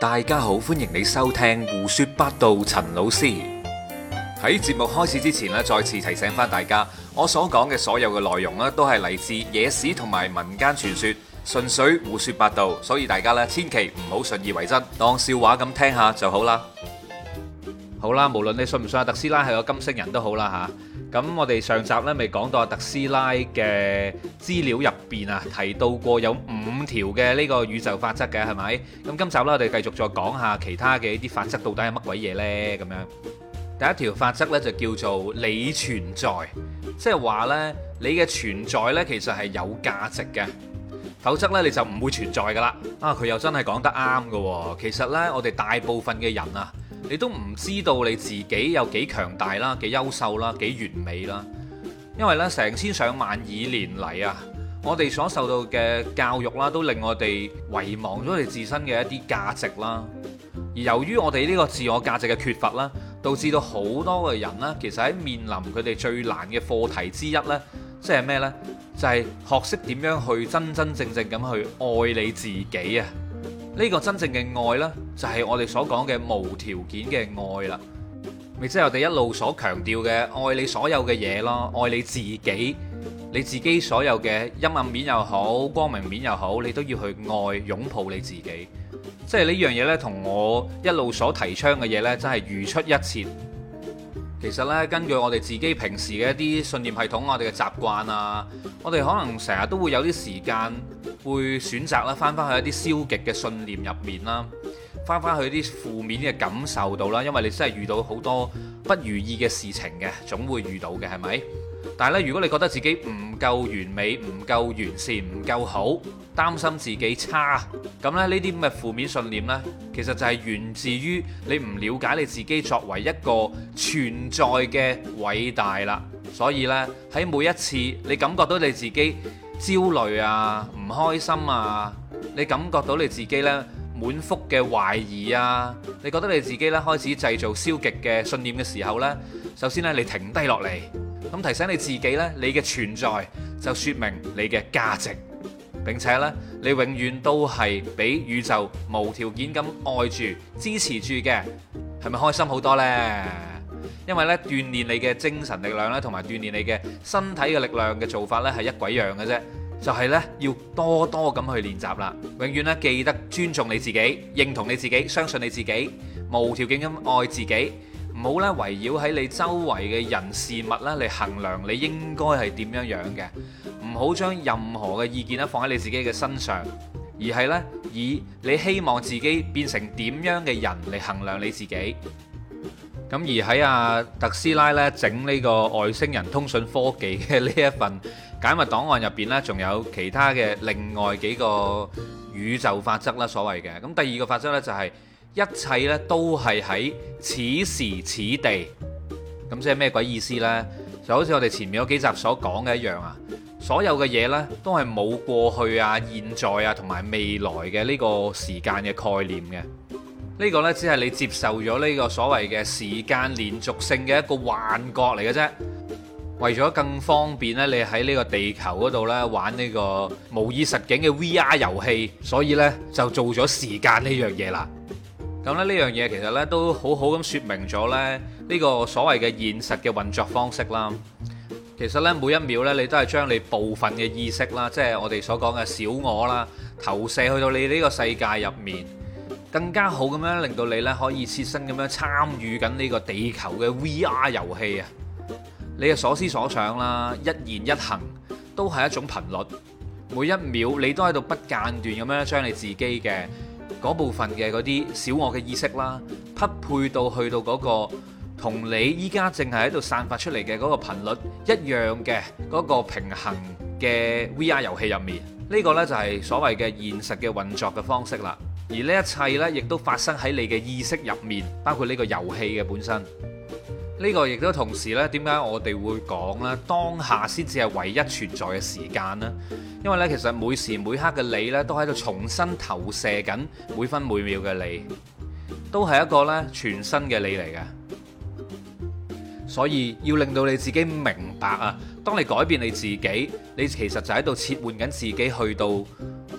大家好，歡迎你收聽胡說八道。陳老師喺節目開始之前咧，再次提醒翻大家，我所講嘅所有嘅內容咧，都係嚟自野史同埋民間傳說，純粹胡說八道，所以大家咧千祈唔好信以為真，當笑話咁聽下就好啦。好啦，無論你信唔信啊，特斯拉係個金星人都好啦吓。咁我哋上集呢未講到阿特斯拉嘅資料入邊啊，提到過有五條嘅呢個宇宙法則嘅，係咪？咁今集呢，我哋繼續再講下其他嘅呢啲法則到底係乜鬼嘢呢。咁樣第一條法則呢，就叫做你存在，即係話呢，你嘅存在呢，其實係有價值嘅，否則呢，你就唔會存在噶啦。啊佢又真係講得啱嘅，哦，其實呢，我哋大部分嘅人啊～你都唔知道你自己有幾強大啦、幾優秀啦、幾完美啦，因為呢成千上萬以年嚟啊，我哋所受到嘅教育啦，都令我哋遺忘咗我哋自身嘅一啲價值啦。而由於我哋呢個自我價值嘅缺乏啦，導致到好多嘅人呢，其實喺面臨佢哋最難嘅課題之一呢，即係咩呢？就係學識點樣去真真正正咁去愛你自己啊！呢個真正嘅愛啦。就係我哋所講嘅無條件嘅愛啦，咪即係我哋一路所強調嘅愛你所有嘅嘢咯，愛你自己，你自己所有嘅陰暗面又好，光明面又好，你都要去愛，擁抱你自己。即係呢樣嘢呢，同我一路所提倡嘅嘢呢，真係如出一轍。其實呢，根據我哋自己平時嘅一啲信念系統，我哋嘅習慣啊，我哋可能成日都會有啲時間會選擇啦，翻翻去一啲消極嘅信念入面啦。翻翻去啲負面嘅感受到啦，因為你真係遇到好多不如意嘅事情嘅，總會遇到嘅，係咪？但係咧，如果你覺得自己唔夠完美、唔夠完善、唔夠好，擔心自己差，咁咧呢啲咁嘅負面信念呢，其實就係源自於你唔了解你自己作為一個存在嘅偉大啦。所以呢，喺每一次你感覺到你自己焦慮啊、唔開心啊，你感覺到你自己呢。滿腹嘅懷疑啊！你覺得你自己呢，開始製造消極嘅信念嘅時候呢，首先呢你停低落嚟，咁提醒你自己呢，你嘅存在就説明你嘅價值，並且呢，你永遠都係俾宇宙無條件咁愛住、支持住嘅，係咪開心好多呢？因為呢，鍛鍊你嘅精神力量啦，同埋鍛鍊你嘅身體嘅力量嘅做法呢，係一鬼樣嘅啫。就係咧，要多多咁去練習啦。永遠咧，記得尊重你自己，認同你自己，相信你自己，無條件咁愛自己。唔好咧，圍繞喺你周圍嘅人事物咧嚟衡量你應該係點樣樣嘅。唔好將任何嘅意見咧放喺你自己嘅身上，而係咧以你希望自己變成點樣嘅人嚟衡量你自己。咁而喺阿特斯拉咧整呢個外星人通訊科技嘅呢一份。解密檔案入邊呢，仲有其他嘅另外幾個宇宙法則啦，所謂嘅。咁第二個法則呢、就是，就係一切呢都係喺此時此地。咁即係咩鬼意思呢？就好似我哋前面嗰幾集所講嘅一樣啊，所有嘅嘢呢，都係冇過去啊、現在啊同埋未來嘅呢個時間嘅概念嘅。呢、呢個呢，只係你接受咗呢個所謂嘅時間連續性嘅一個幻覺嚟嘅啫。為咗更方便咧，你喺呢個地球嗰度咧玩呢個模擬實景嘅 VR 遊戲，所以呢就做咗時間呢樣嘢啦。咁咧呢樣嘢其實呢都好好咁説明咗咧呢個所謂嘅現實嘅運作方式啦。其實呢，每一秒呢你都係將你部分嘅意識啦，即係我哋所講嘅小我啦，投射去到你呢個世界入面，更加好咁樣令到你呢可以設身咁樣參與緊呢個地球嘅 VR 遊戲啊！你嘅所思所想啦，一言一行都係一種頻率，每一秒你都喺度不間斷咁樣將你自己嘅嗰部分嘅嗰啲小我嘅意識啦，匹配到去到嗰個同你依家正係喺度散發出嚟嘅嗰個頻率一樣嘅嗰個平衡嘅 VR 遊戲入面，呢個咧就係所謂嘅現實嘅運作嘅方式啦。而呢一切咧亦都發生喺你嘅意識入面，包括呢個遊戲嘅本身。呢個亦都同時，呢點解我哋會講，呢當下先至係唯一存在嘅時間。呢因為呢，其實每時每刻嘅你呢，都喺度重新投射緊每分每秒嘅你，都係一個呢全新嘅你嚟嘅。所以要令到你自己明白啊，當你改變你自己，你其實就喺度切換緊自己去到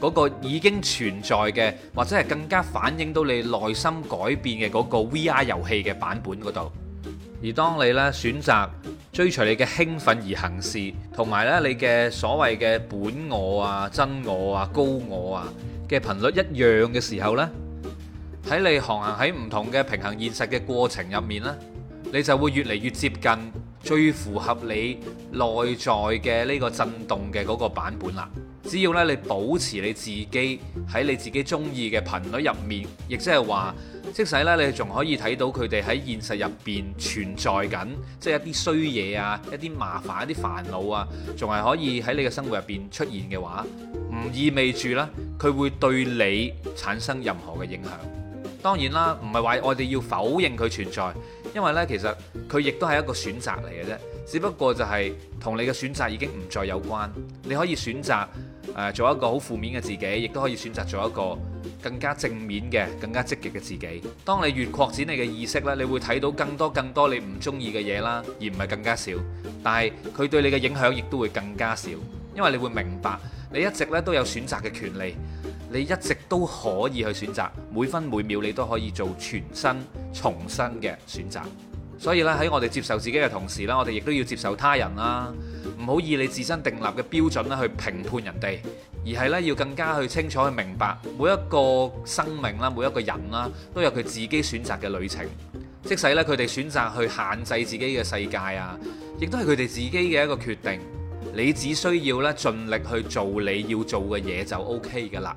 嗰個已經存在嘅，或者係更加反映到你內心改變嘅嗰個 VR 遊戲嘅版本嗰度。而當你咧選擇追隨你嘅興奮而行事，同埋咧你嘅所謂嘅本我啊、真我啊、高我啊嘅頻率一樣嘅時候呢，喺你航行喺唔同嘅平衡現實嘅過程入面呢，你就會越嚟越接近最符合你內在嘅呢個震動嘅嗰個版本啦。只要咧你保持你自己喺你自己中意嘅頻率入面，亦即係話，即使咧你仲可以睇到佢哋喺現實入邊存在緊，即係一啲衰嘢啊，一啲麻煩、一啲煩惱啊，仲係可以喺你嘅生活入邊出現嘅話，唔意味住咧佢會對你產生任何嘅影響。當然啦，唔係話我哋要否認佢存在，因為呢，其實佢亦都係一個選擇嚟嘅啫。只不過就係、是、同你嘅選擇已經唔再有關，你可以選擇誒、呃、做一個好負面嘅自己，亦都可以選擇做一個更加正面嘅、更加積極嘅自己。當你越擴展你嘅意識咧，你會睇到更多更多你唔中意嘅嘢啦，而唔係更加少。但係佢對你嘅影響亦都會更加少，因為你會明白你一直咧都有選擇嘅權利，你一直都可以去選擇，每分每秒你都可以做全新、重新嘅選擇。所以咧喺我哋接受自己嘅同時咧，我哋亦都要接受他人啦。唔好以你自身定立嘅標準咧去評判人哋，而係咧要更加去清楚去明白每一個生命啦，每一個人啦，都有佢自己選擇嘅旅程。即使咧佢哋選擇去限制自己嘅世界啊，亦都係佢哋自己嘅一個決定。你只需要咧盡力去做你要做嘅嘢就 OK 噶啦。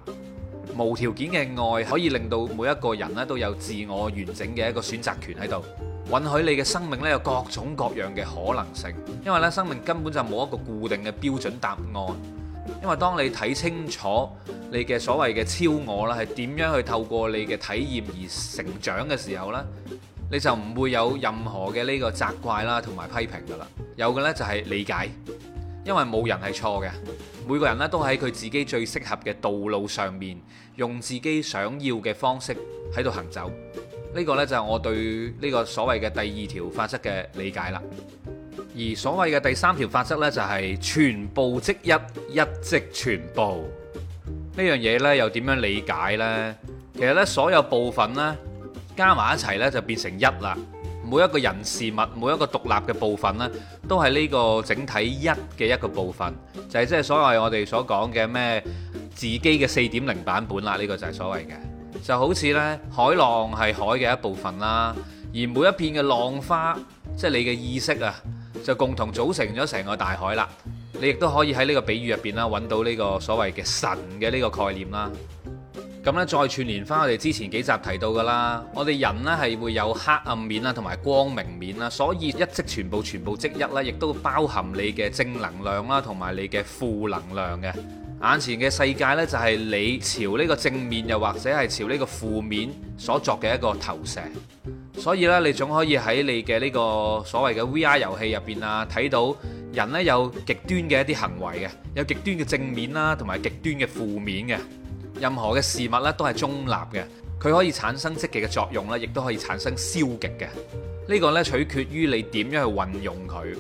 無條件嘅愛可以令到每一個人咧都有自我完整嘅一個選擇權喺度，允許你嘅生命咧有各種各樣嘅可能性。因為咧生命根本就冇一個固定嘅標準答案。因為當你睇清楚你嘅所謂嘅超我啦，係點樣去透過你嘅體驗而成長嘅時候咧，你就唔會有任何嘅呢個責怪啦，同埋批評㗎啦。有嘅呢就係理解。因為冇人係錯嘅，每個人咧都喺佢自己最適合嘅道路上面，用自己想要嘅方式喺度行走。呢、呢個呢，就係我對呢個所謂嘅第二條法則嘅理解啦。而所謂嘅第三條法則呢、就係，就係全部即一，一即全部。呢樣嘢呢，又點樣理解呢？其實呢，所有部分呢，加埋一齊呢，就變成一啦。每一個人、事、物，每一個獨立嘅部分呢，都係呢個整體一嘅一個部分，就係即係所謂我哋所講嘅咩自己嘅四點零版本啦。呢個就係所謂嘅，就好似呢海浪係海嘅一部分啦，而每一片嘅浪花，即係你嘅意識啊，就共同組成咗成個大海啦。你亦都可以喺呢個比喻入邊啦，揾到呢個所謂嘅神嘅呢個概念啦。咁咧，再串連翻我哋之前幾集提到噶啦，我哋人呢係會有黑暗面啦，同埋光明面啦，所以一即全部，全部即一咧，亦都包含你嘅正能量啦，同埋你嘅負能量嘅。眼前嘅世界呢，就係你朝呢個正面，又或者係朝呢個負面所作嘅一個投射。所以呢，你總可以喺你嘅呢個所謂嘅 VR 遊戲入邊啊，睇到人呢有極端嘅一啲行為嘅，有極端嘅正面啦，同埋極端嘅負面嘅。任何嘅事物咧，都係中立嘅，佢可以產生積極嘅作用咧，亦都可以產生消極嘅。呢個咧，取決於你點樣去運用佢，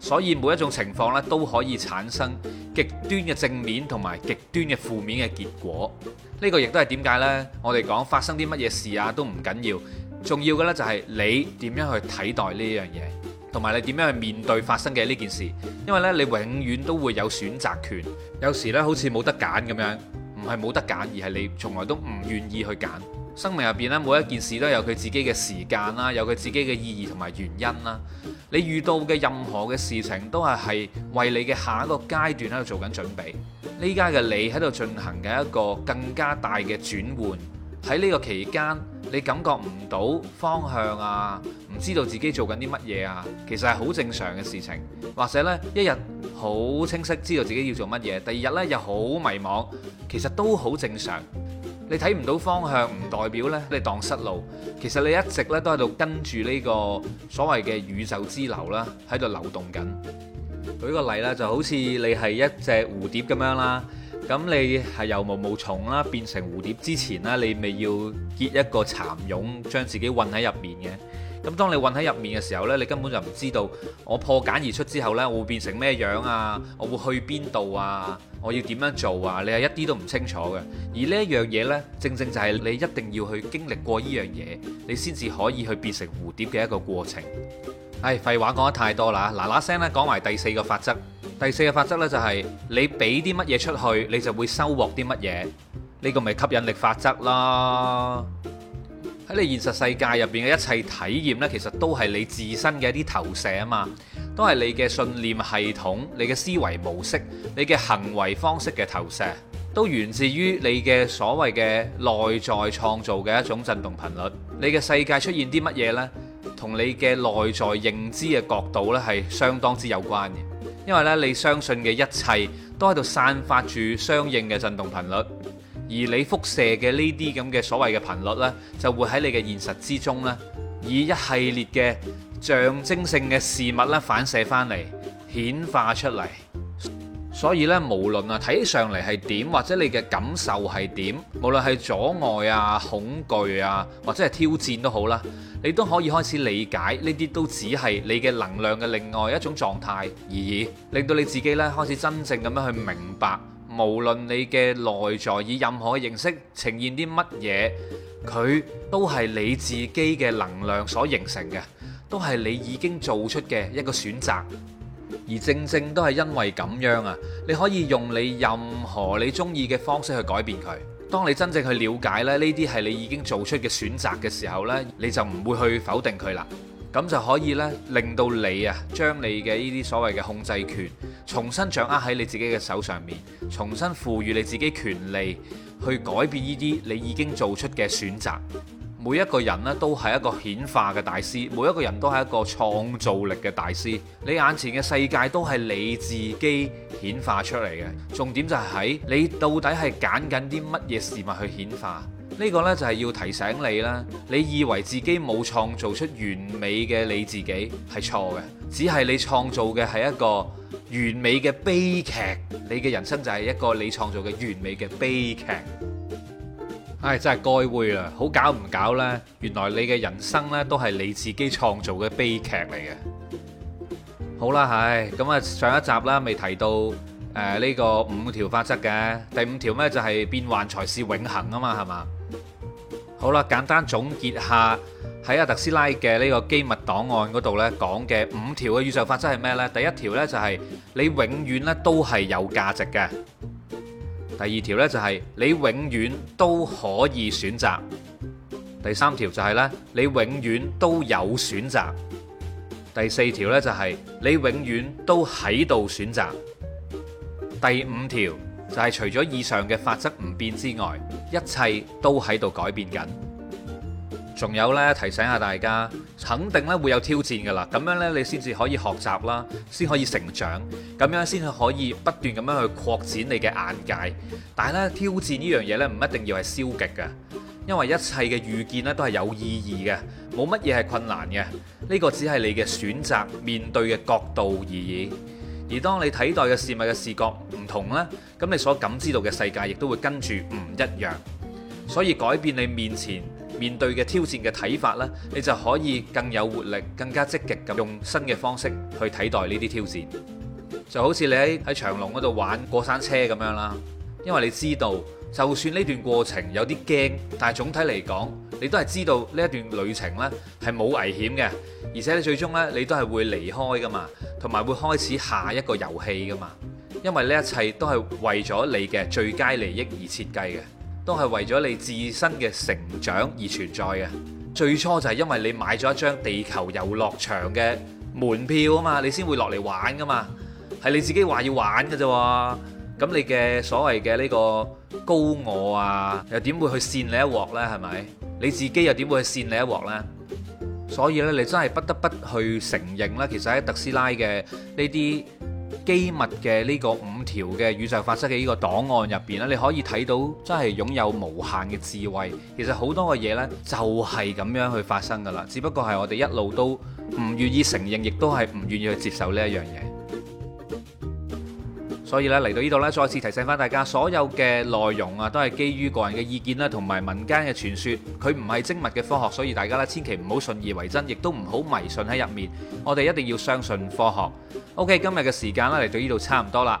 所以每一種情況咧，都可以產生極端嘅正面同埋極端嘅負面嘅結果。呢個亦都係點解呢？我哋講發生啲乜嘢事啊，都唔緊要，重要嘅呢就係你點樣去睇待呢樣嘢，同埋你點樣去面對發生嘅呢件事，因為呢，你永遠都會有選擇權，有時呢好似冇得揀咁樣。唔係冇得揀，而係你從來都唔願意去揀。生命入邊咧，每一件事都有佢自己嘅時間啦，有佢自己嘅意義同埋原因啦。你遇到嘅任何嘅事情，都係係為你嘅下一個階段喺度做緊準備。呢家嘅你喺度進行嘅一個更加大嘅轉換。喺呢個期間，你感覺唔到方向啊，唔知道自己做緊啲乜嘢啊，其實係好正常嘅事情。或者呢一日好清晰知道自己要做乜嘢，第二日呢又好迷茫，其實都好正常。你睇唔到方向，唔代表呢你蕩失路，其實你一直呢都喺度跟住呢個所謂嘅宇宙之流啦，喺度流動緊。舉個例啦，就好似你係一隻蝴蝶咁樣啦。咁你係由毛毛蟲啦變成蝴蝶之前啦，你咪要結一個蠶蛹，將自己韞喺入面嘅。咁當你韞喺入面嘅時候呢，你根本就唔知道我破繭而出之後呢，我會變成咩樣啊？我會去邊度啊？我要點樣做啊？你係一啲都唔清楚嘅。而呢一樣嘢呢，正正就係你一定要去經歷過呢樣嘢，你先至可以去變成蝴蝶嘅一個過程。唉，廢話講得太多啦！嗱嗱聲咧，講埋第四個法則，第四個法則呢就係你俾啲乜嘢出去，你就會收穫啲乜嘢。呢個咪吸引力法則啦。喺你現實世界入邊嘅一切體驗呢，其實都係你自身嘅一啲投射啊嘛，都係你嘅信念系統、你嘅思維模式、你嘅行為方式嘅投射，都源自於你嘅所謂嘅內在創造嘅一種震動頻率。你嘅世界出現啲乜嘢呢？同你嘅內在認知嘅角度咧，係相當之有關嘅，因為咧，你相信嘅一切都喺度散發住相應嘅震動頻率，而你輻射嘅呢啲咁嘅所謂嘅頻率呢，就會喺你嘅現實之中呢，以一系列嘅象徵性嘅事物咧反射翻嚟，顯化出嚟。所以咧，無論啊睇上嚟係點，或者你嘅感受係點，無論係阻礙啊、恐懼啊，或者係挑戰都好啦，你都可以開始理解呢啲都只係你嘅能量嘅另外一種狀態而已，令到你自己咧開始真正咁樣去明白，無論你嘅內在以任何形式呈現啲乜嘢，佢都係你自己嘅能量所形成嘅，都係你已經做出嘅一個選擇。而正正都係因為咁樣啊，你可以用你任何你鍾意嘅方式去改變佢。當你真正去了解咧，呢啲係你已經做出嘅選擇嘅時候呢，你就唔會去否定佢啦。咁就可以呢，令到你啊，將你嘅呢啲所謂嘅控制權重新掌握喺你自己嘅手上面，重新賦予你自己權利去改變呢啲你已經做出嘅選擇。每一個人咧都係一個顯化嘅大師，每一個人都係一個創造力嘅大師。你眼前嘅世界都係你自己顯化出嚟嘅。重點就係喺你到底係揀緊啲乜嘢事物去顯化。呢個呢，就係要提醒你啦。你以為自己冇創造出完美嘅你自己係錯嘅，只係你創造嘅係一個完美嘅悲劇。你嘅人生就係一個你創造嘅完美嘅悲劇。唉、哎，真係該會啦，好搞唔搞呢？原來你嘅人生呢，都係你自己創造嘅悲劇嚟嘅。好啦，唉、哎，咁啊，上一集啦未提到誒呢、呃這個五條法則嘅，第五條呢，就係變幻才是永恆啊嘛，係嘛？好啦，簡單總結下喺阿特斯拉嘅呢個機密檔案嗰度呢，講嘅五條嘅宇宙法則係咩呢？第一條呢，就係你永遠呢，都係有價值嘅。第二條呢，就係你永遠都可以選擇；第三條就係呢你永遠都有選擇；第四條呢，就係你永遠都喺度選擇；第五條就係除咗以上嘅法則唔變之外，一切都喺度改變緊。仲有呢，提醒下大家，肯定呢會有挑戰嘅啦。咁樣呢，你先至可以學習啦，先可以成長，咁樣先可以不斷咁樣去擴展你嘅眼界。但係咧，挑戰呢樣嘢呢，唔一定要係消極嘅，因為一切嘅遇見呢，都係有意義嘅，冇乜嘢係困難嘅。呢個只係你嘅選擇面對嘅角度而已。而當你睇待嘅事物嘅視覺唔同咧，咁你所感知到嘅世界亦都會跟住唔一樣，所以改變你面前面對嘅挑戰嘅睇法呢，你就可以更有活力、更加積極咁用新嘅方式去睇待呢啲挑戰。就好似你喺喺長隆嗰度玩過山車咁樣啦，因為你知道，就算呢段過程有啲驚，但係總體嚟講，你都係知道呢一段旅程呢係冇危險嘅，而且你最終呢，你都係會離開噶嘛，同埋會開始下一個遊戲噶嘛，因為呢一切都係為咗你嘅最佳利益而設計嘅。都係為咗你自身嘅成長而存在嘅。最初就係因為你買咗一張地球遊樂場嘅門票啊嘛，你先會落嚟玩噶嘛。係你自己話要玩嘅啫喎。咁你嘅所謂嘅呢個高我啊，又點會去扇你一鑊呢？係咪？你自己又點會去扇你一鑊呢？所以咧，你真係不得不去承認啦。其實喺特斯拉嘅呢啲。機密嘅呢個五條嘅宇宙法則嘅呢個檔案入邊咧，你可以睇到真係擁有無限嘅智慧。其實好多嘅嘢呢，就係咁樣去發生㗎啦，只不過係我哋一路都唔願意承認，亦都係唔願意去接受呢一樣嘢。所以咧，嚟到呢度咧，再次提醒返大家，所有嘅內容啊，都係基於個人嘅意見啦，同埋民間嘅傳說，佢唔係精密嘅科學，所以大家咧，千祈唔好信以為真，亦都唔好迷信喺入面。我哋一定要相信科學。OK，今日嘅時間咧嚟到呢度差唔多啦。